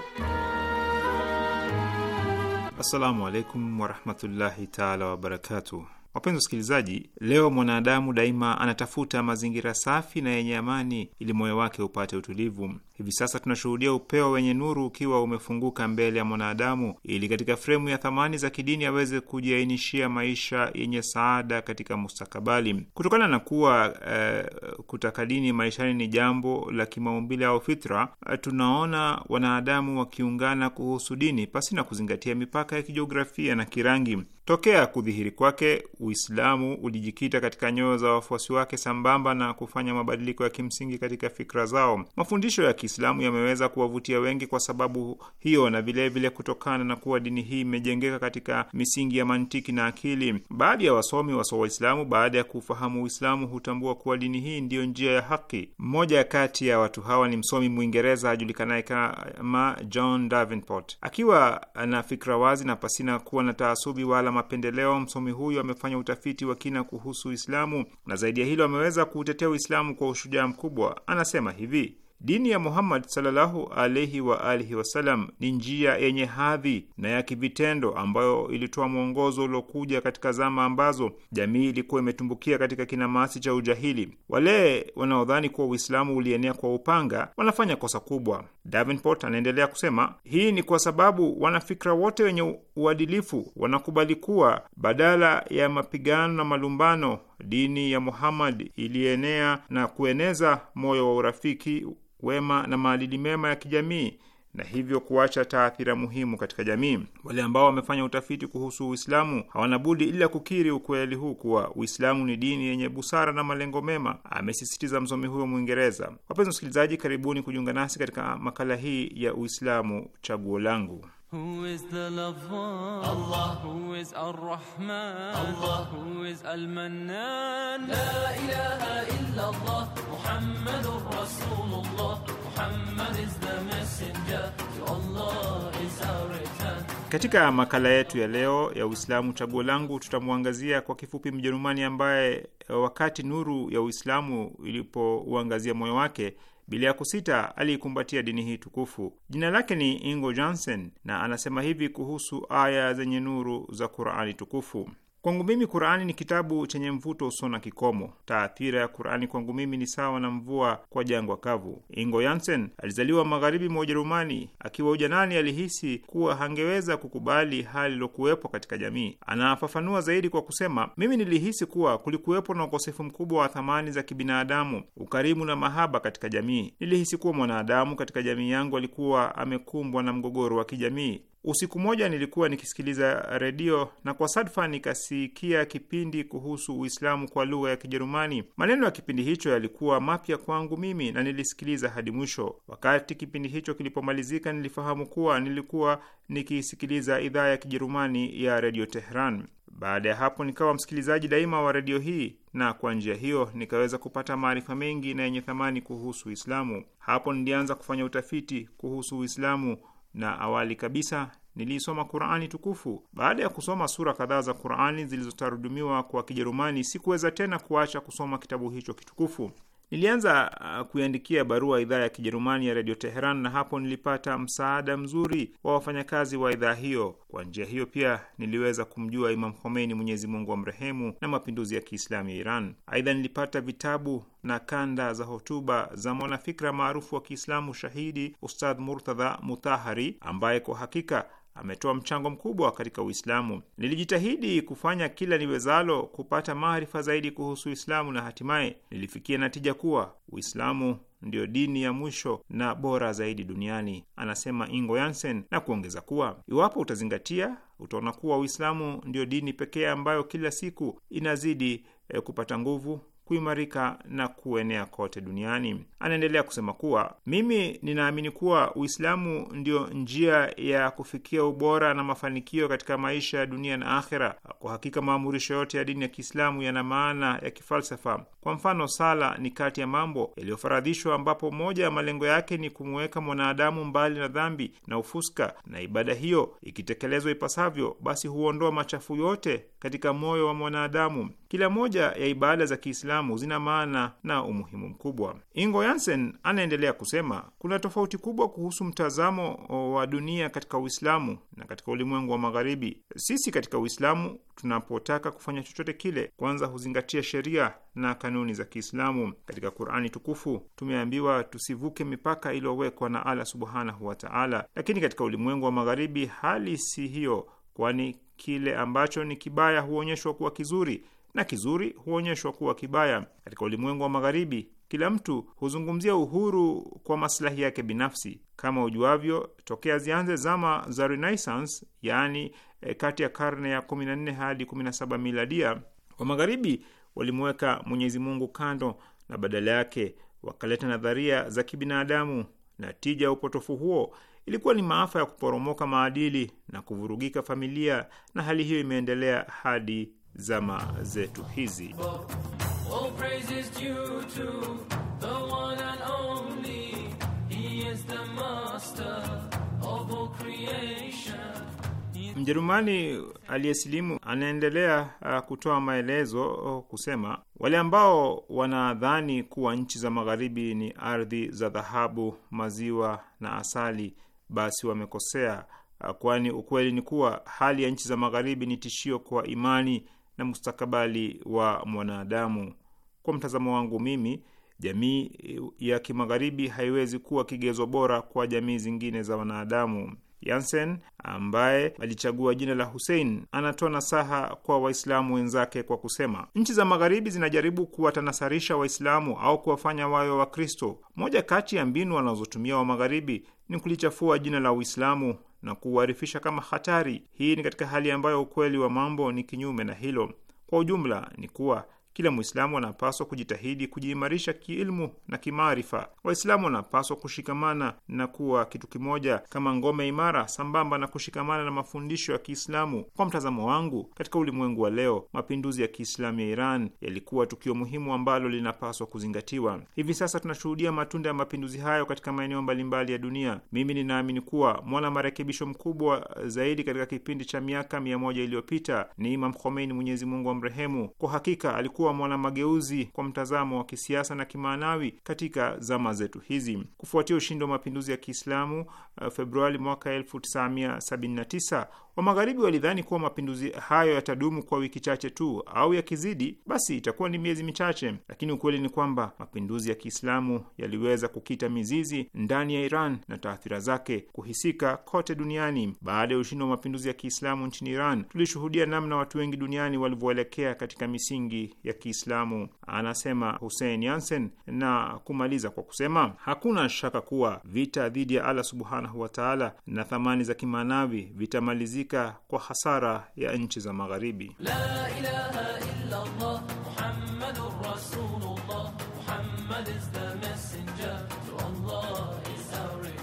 Assalamu alaikum warahmatullahi taala wabarakatu. Wapenzi wasikilizaji, leo mwanadamu daima anatafuta mazingira safi na yenye amani ili moyo wake upate utulivu. Hivi sasa tunashuhudia upeo wenye nuru ukiwa umefunguka mbele ya mwanadamu, ili katika fremu ya thamani za kidini aweze kujiainishia maisha yenye saada katika mustakabali. Kutokana na kuwa uh, kutaka dini maishani ni jambo la kimaumbile au fitra, eh, tunaona wanadamu wakiungana kuhusu dini pasi na kuzingatia mipaka ya kijiografia na kirangi. Tokea kudhihiri kwake, Uislamu ulijikita katika nyoyo za wafuasi wake sambamba na kufanya mabadiliko ya kimsingi katika fikra zao. Mafundisho ya Kiislamu yameweza kuwavutia wengi kwa sababu hiyo, na vilevile vile kutokana na kuwa dini hii imejengeka katika misingi ya mantiki na akili. Baadhi ya wasomi wa Waislamu, baada ya kufahamu Uislamu, hutambua kuwa dini hii ndiyo njia ya haki. Mmoja kati ya watu hawa ni msomi Mwingereza ajulikanaye kama John Davenport. Akiwa na fikra wazi na pasina kuwa na taasubi wala mapendeleo, msomi huyu amefanya utafiti wa kina kuhusu Uislamu na zaidi ya hilo ameweza kuutetea Uislamu kwa ushujaa mkubwa. Anasema hivi: Dini ya Muhammad sallallahu alaihi wa alihi wasalam ni njia yenye hadhi na ya kivitendo ambayo ilitoa mwongozo uliokuja katika zama ambazo jamii ilikuwa imetumbukia katika kinamasi cha ujahili. Wale wanaodhani kuwa Uislamu ulienea kwa upanga wanafanya kosa kubwa. Davenport anaendelea kusema, hii ni kwa sababu wanafikra wote wenye uadilifu wanakubali kuwa badala ya mapigano na malumbano dini ya Muhammad ilienea na kueneza moyo wa urafiki, wema na maadili mema ya kijamii na hivyo kuacha taathira muhimu katika jamii. Wale ambao wamefanya utafiti kuhusu Uislamu hawana budi ila kukiri ukweli huu kuwa Uislamu ni dini yenye busara na malengo mema, amesisitiza msomi huyo Mwingereza. Wapenzi wasikilizaji, karibuni kujiunga nasi katika makala hii ya Uislamu Chaguo Langu. Who is the Allah. Who is Ar-Rahman? Allah. Who is Al-Mannan? La ilaha illa Allah. Rasulullah. Muhammad is the messenger. To Allah is our return. Katika makala yetu ya leo ya Uislamu chaguo langu, tutamwangazia kwa kifupi Mjerumani ambaye eh, wakati nuru ya Uislamu ilipouangazia moyo wake bila ya kusita aliikumbatia dini hii tukufu. Jina lake ni Ingo johnson na anasema hivi kuhusu aya zenye nuru za Qurani tukufu: Kwangu mimi Qurani ni kitabu chenye mvuto usio na kikomo. Taathira ya Qurani kwangu mimi ni sawa na mvua kwa jangwa kavu. Ingo yansen alizaliwa magharibi mwa Ujerumani. Akiwa ujanani, alihisi kuwa hangeweza kukubali hali iliokuwepo katika jamii. Anafafanua zaidi kwa kusema, mimi nilihisi kuwa kulikuwepo na ukosefu mkubwa wa thamani za kibinadamu, ukarimu na mahaba katika jamii. Nilihisi kuwa mwanadamu katika jamii yangu alikuwa amekumbwa na mgogoro wa kijamii. Usiku moja nilikuwa nikisikiliza redio na kwa sadfa nikasikia kipindi kuhusu Uislamu kwa lugha ya Kijerumani. Maneno ya kipindi hicho yalikuwa mapya kwangu mimi na nilisikiliza hadi mwisho. Wakati kipindi hicho kilipomalizika, nilifahamu kuwa nilikuwa nikisikiliza idhaa ya Kijerumani ya redio Tehran. Baada ya hapo nikawa msikilizaji daima wa redio hii, na kwa njia hiyo nikaweza kupata maarifa mengi na yenye thamani kuhusu Uislamu. Hapo nilianza kufanya utafiti kuhusu Uislamu na awali kabisa niliisoma Qurani tukufu. Baada ya kusoma sura kadhaa za Qurani zilizotarudumiwa kwa Kijerumani, sikuweza tena kuacha kusoma kitabu hicho kitukufu. Nilianza uh, kuiandikia barua idhaa ya Kijerumani ya redio Teheran, na hapo nilipata msaada mzuri wa wafanyakazi wa idhaa hiyo. Kwa njia hiyo pia niliweza kumjua Imam Khomeini, Mwenyezi Mungu wa mrehemu, na mapinduzi ya Kiislamu ya Iran. Aidha, nilipata vitabu na kanda za hotuba za mwanafikra maarufu wa Kiislamu shahidi Ustadh Murtadha Mutahari ambaye kwa hakika ametoa mchango mkubwa katika Uislamu. Nilijitahidi kufanya kila niwezalo kupata maarifa zaidi kuhusu Uislamu na hatimaye nilifikia natija kuwa Uislamu ndiyo dini ya mwisho na bora zaidi duniani, anasema Ingo yansen na kuongeza kuwa iwapo utazingatia, utaona kuwa Uislamu ndiyo dini pekee ambayo kila siku inazidi eh, kupata nguvu kuimarika na kuenea kote duniani. Anaendelea kusema kuwa mimi ninaamini kuwa Uislamu ndio njia ya kufikia ubora na mafanikio katika maisha ya dunia na akhera. Kwa hakika maamurisho yote ya dini ya Kiislamu yana maana ya kifalsafa. Kwa mfano, sala ni kati ya mambo yaliyofaradhishwa, ambapo moja ya malengo yake ni kumuweka mwanadamu mbali na dhambi na ufuska, na ibada hiyo ikitekelezwa ipasavyo, basi huondoa machafu yote katika moyo wa mwanadamu. Kila moja ya ibada za Kiislamu zina maana na umuhimu mkubwa. Ingo Jansen anaendelea kusema kuna tofauti kubwa kuhusu mtazamo wa dunia katika Uislamu na katika ulimwengu wa Magharibi. Sisi katika Uislamu tunapotaka kufanya chochote kile, kwanza huzingatia sheria na kanuni za Kiislamu. Katika Qurani tukufu tumeambiwa tusivuke mipaka iliyowekwa na Allah subhanahu wa taala, lakini katika ulimwengu wa Magharibi hali si hiyo, kwani kile ambacho ni kibaya huonyeshwa kuwa kizuri na kizuri huonyeshwa kuwa kibaya. Katika ulimwengu wa Magharibi, kila mtu huzungumzia uhuru kwa masilahi yake binafsi. Kama ujuavyo, tokea zianze zama za Renaissance, yaani e, kati ya karne ya 14 hadi 17 miladia, wa Magharibi walimweka Mwenyezi Mungu kando na badala yake wakaleta nadharia za kibinadamu, na tija ya upotofu huo ilikuwa ni maafa ya kuporomoka maadili na kuvurugika familia, na hali hiyo imeendelea hadi zama zetu hizi. Mjerumani aliyesilimu anaendelea uh, kutoa maelezo uh, kusema, wale ambao wanadhani kuwa nchi za magharibi ni ardhi za dhahabu, maziwa na asali, basi wamekosea, uh, kwani ukweli ni kuwa hali ya nchi za magharibi ni tishio kwa imani na mustakabali wa mwanadamu. Kwa mtazamo wangu mimi, jamii ya kimagharibi haiwezi kuwa kigezo bora kwa jamii zingine za wanadamu. Yansen ambaye alichagua jina la Hussein anatoa nasaha kwa Waislamu wenzake kwa kusema, nchi za magharibi zinajaribu kuwatanasarisha Waislamu au kuwafanya wawe Wakristo. Moja kati ya mbinu wanazotumia wa magharibi ni kulichafua jina la Uislamu na kuuarifisha kama hatari. Hii ni katika hali ambayo ukweli wa mambo ni kinyume na hilo. Kwa ujumla ni kuwa kila Mwislamu anapaswa kujitahidi kujiimarisha kiilmu na kimaarifa. Waislamu wanapaswa kushikamana na kuwa kitu kimoja kama ngome imara, sambamba na kushikamana na mafundisho ya Kiislamu. Kwa mtazamo wangu, katika ulimwengu wa leo, mapinduzi ya Kiislamu ya Iran yalikuwa tukio muhimu ambalo linapaswa kuzingatiwa. Hivi sasa tunashuhudia matunda ya mapinduzi hayo katika maeneo mbalimbali ya dunia. Mimi ninaamini kuwa mwana marekebisho mkubwa zaidi katika kipindi cha miaka mia moja iliyopita ni Imam Khomeini, Mwenyezi Mungu amrehemu. Kwa hakika alikuwa kuwa mwanamageuzi kwa mtazamo wa kisiasa na kimaanawi katika zama zetu hizi. Kufuatia ushindi wa mapinduzi ya Kiislamu uh, Februari mwaka 1979 wa magharibi walidhani kuwa mapinduzi hayo yatadumu kwa wiki chache tu au yakizidi basi itakuwa ni miezi michache, lakini ukweli ni kwamba mapinduzi ya Kiislamu yaliweza kukita mizizi ndani ya Iran na taathira zake kuhisika kote duniani. Baada ya ushindi wa mapinduzi ya Kiislamu nchini Iran, tulishuhudia namna watu wengi duniani walivyoelekea katika misingi ya ya Kiislamu, anasema Hussein Yansen, na kumaliza kwa kusema hakuna shaka kuwa vita dhidi ya Allah subhanahu wa taala na thamani za kimanavi vitamalizika kwa hasara ya nchi za Magharibi. La ilaha illa Allah, Muhammadur Rasulullah, Muhammad is the messenger to Allah is our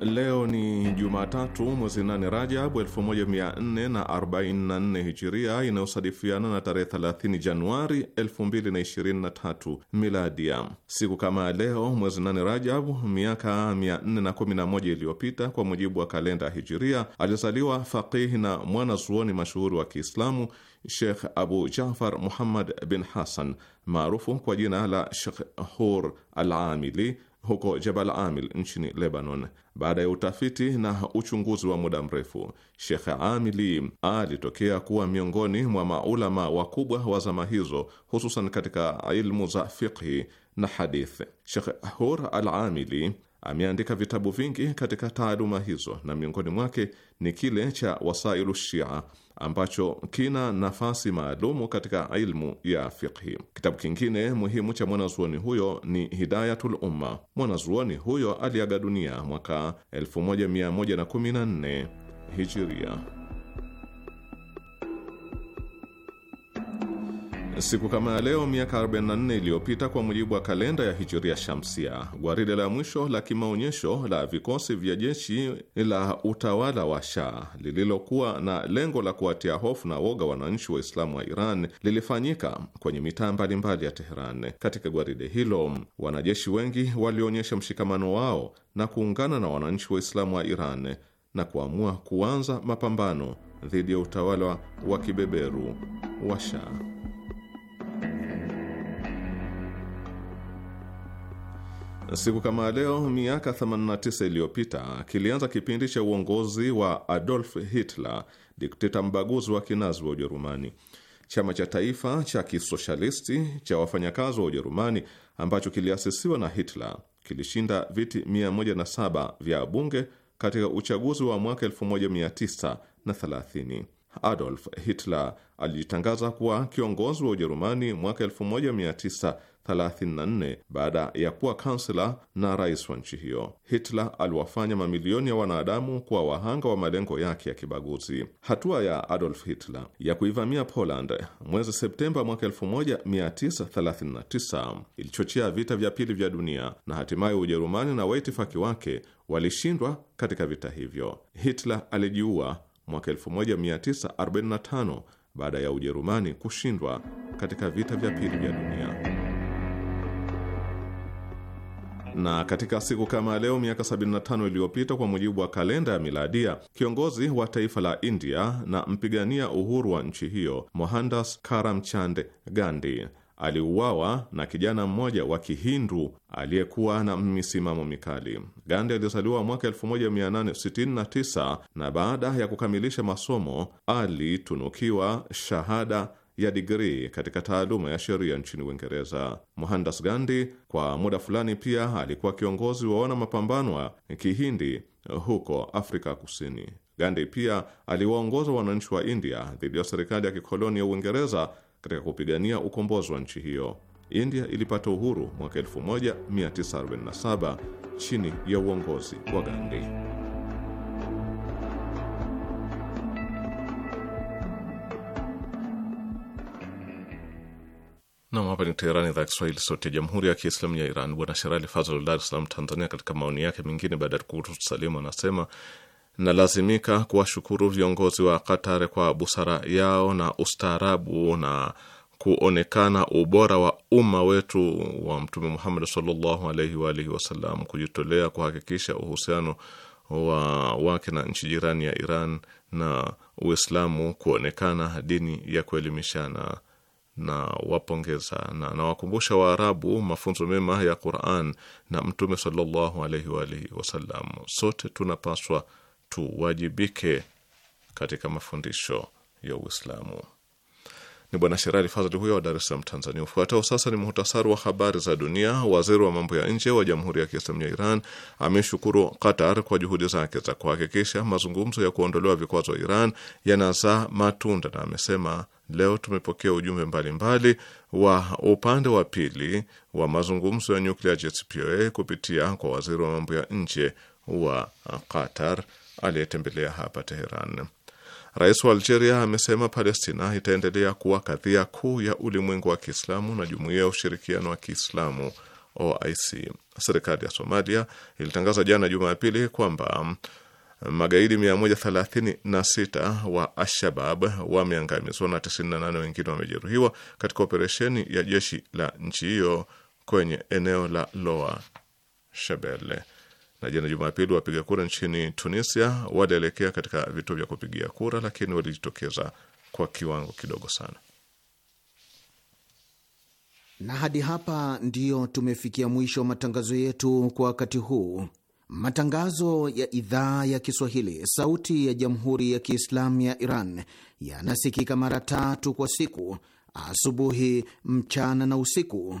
Leo ni Jumatatu, mwezi nane Rajab 1444 Hijiria, inayosadifiana na tarehe 30 Januari 2023 Miladia. Siku kama leo mwezi nane Rajab miaka 411 iliyopita kwa mujibu wa kalenda Hijiria, alizaliwa faqihi na mwanazuoni mashuhuri wa Kiislamu Sheikh Abu Jafar Muhammad bin Hassan maarufu kwa jina la Sheikh Hur al-Amili huko Jabal Amil nchini Lebanon. Baada ya utafiti na uchunguzi wa muda mrefu, Shekhe Amili alitokea kuwa miongoni mwa maulama wakubwa wa zama hizo, hususan katika ilmu za fiqhi na hadith. Shekhe Hur Al Amili ameandika vitabu vingi katika taaluma hizo na miongoni mwake ni kile cha Wasailu Shia ambacho kina nafasi maalumu katika ilmu ya fiqhi. Kitabu kingine muhimu cha mwanazuoni huyo ni Hidayatul Umma. Mwanazuoni huyo aliaga dunia mwaka 1114 hijiria. Siku kama ya leo miaka 44 iliyopita kwa mujibu wa kalenda ya Hijiria Shamsia, gwaride la mwisho la kimaonyesho la vikosi vya jeshi la utawala wa Shah lililokuwa na lengo la kuwatia hofu na woga wananchi Waislamu wa Iran lilifanyika kwenye mitaa mbalimbali ya Teheran. Katika gwaride hilo, wanajeshi wengi walionyesha mshikamano wao na kuungana na wananchi Waislamu wa Iran na kuamua kuanza mapambano dhidi ya utawala wa kibeberu wa Shah. Siku kama leo miaka 89 iliyopita kilianza kipindi cha uongozi wa Adolf Hitler, dikteta mbaguzi wa kinazi wa Ujerumani. Chama cha taifa cha kisoshalisti cha wafanyakazi wa Ujerumani ambacho kiliasisiwa na Hitler kilishinda viti 107 vya bunge katika uchaguzi wa mwaka 1930. Adolf Hitler alijitangaza kuwa kiongozi wa Ujerumani mwaka 19 34 baada ya kuwa kansela na rais wa nchi hiyo. Hitler aliwafanya mamilioni ya wanadamu kuwa wahanga wa malengo yake ya kibaguzi. Hatua ya Adolf Hitler ya kuivamia Poland mwezi Septemba mwaka 1939 ilichochea vita vya pili vya dunia na hatimaye Ujerumani na waitifaki wake walishindwa katika vita hivyo. Hitler alijiua mwaka 1945 baada ya Ujerumani kushindwa katika vita vya pili vya dunia na katika siku kama leo miaka 75 iliyopita kwa mujibu wa kalenda ya miladia, kiongozi wa taifa la India na mpigania uhuru wa nchi hiyo Mohandas Karamchand Gandhi aliuawa na kijana mmoja wa Kihindu aliyekuwa na misimamo mikali. Gandhi alizaliwa mwaka 1869 na baada ya kukamilisha masomo alitunukiwa shahada ya digrii katika taaluma ya sheria nchini Uingereza. Mohandas Gandhi kwa muda fulani pia alikuwa kiongozi wa wana mapambano ya Kihindi huko Afrika Kusini. Gandhi pia aliwaongoza wananchi wa India dhidi ya serikali ya kikoloni ya Uingereza katika kupigania ukombozi wa nchi hiyo. India ilipata uhuru mwaka 1947 chini ya uongozi wa Gandhi. Nam, hapa ni Teherani, idhaa ya Kiswahili, sauti ya jamhuri ya kiislamu ya Iran. Bwana Sherali Fazl, Dar es Salaam, Tanzania, katika maoni yake mengine baada ya kutusalimu, anasema nalazimika kuwashukuru viongozi wa Qatar kwa busara yao na ustaarabu na kuonekana ubora wa umma wetu wa Mtume Muhammad sallallahu alaihi wa alihi wasallam, kujitolea kuhakikisha uhusiano wa wake na nchi jirani ya Iran na Uislamu kuonekana dini ya kuelimishana na wapongeza na, nawakumbusha Waarabu mafunzo mema ya Quran na Mtume sallallahu alaihi wa alihi wasallam. Sote tunapaswa tuwajibike katika mafundisho ya Uislamu. Ni Bwana Sherali Fadhli huyo wa Dar es Salaam, Tanzania. Ufuatao sasa ni muhtasari wa habari za dunia. Waziri wa mambo ya nje wa Jamhuri ya Kiislamu ya Iran ameshukuru Qatar kwa juhudi zake za kuhakikisha mazungumzo ya kuondolewa vikwazo Iran yanazaa matunda, na amesema leo tumepokea ujumbe mbalimbali wa upande wa pili wa mazungumzo ya nyuklia JCPOA kupitia kwa waziri wa mambo ya nje wa Qatar aliyetembelea hapa Teheran. Rais wa Algeria amesema Palestina itaendelea kuwa kadhia kuu ya ulimwengu wa Kiislamu na Jumuiya ya Ushirikiano wa Kiislamu OIC. Serikali ya Somalia ilitangaza jana Jumapili kwamba magaidi 136 wa al-shabab wameangamizwa na 98 wengine wamejeruhiwa katika operesheni ya jeshi la nchi hiyo kwenye eneo la Loa Shebele. Na jana Jumapili, wapiga kura nchini Tunisia walielekea katika vituo vya kupigia kura, lakini walijitokeza kwa kiwango kidogo sana. Na hadi hapa ndiyo tumefikia mwisho wa matangazo yetu kwa wakati huu. Matangazo ya idhaa ya Kiswahili, sauti ya jamhuri ya kiislamu ya Iran yanasikika mara tatu kwa siku: asubuhi, mchana na usiku.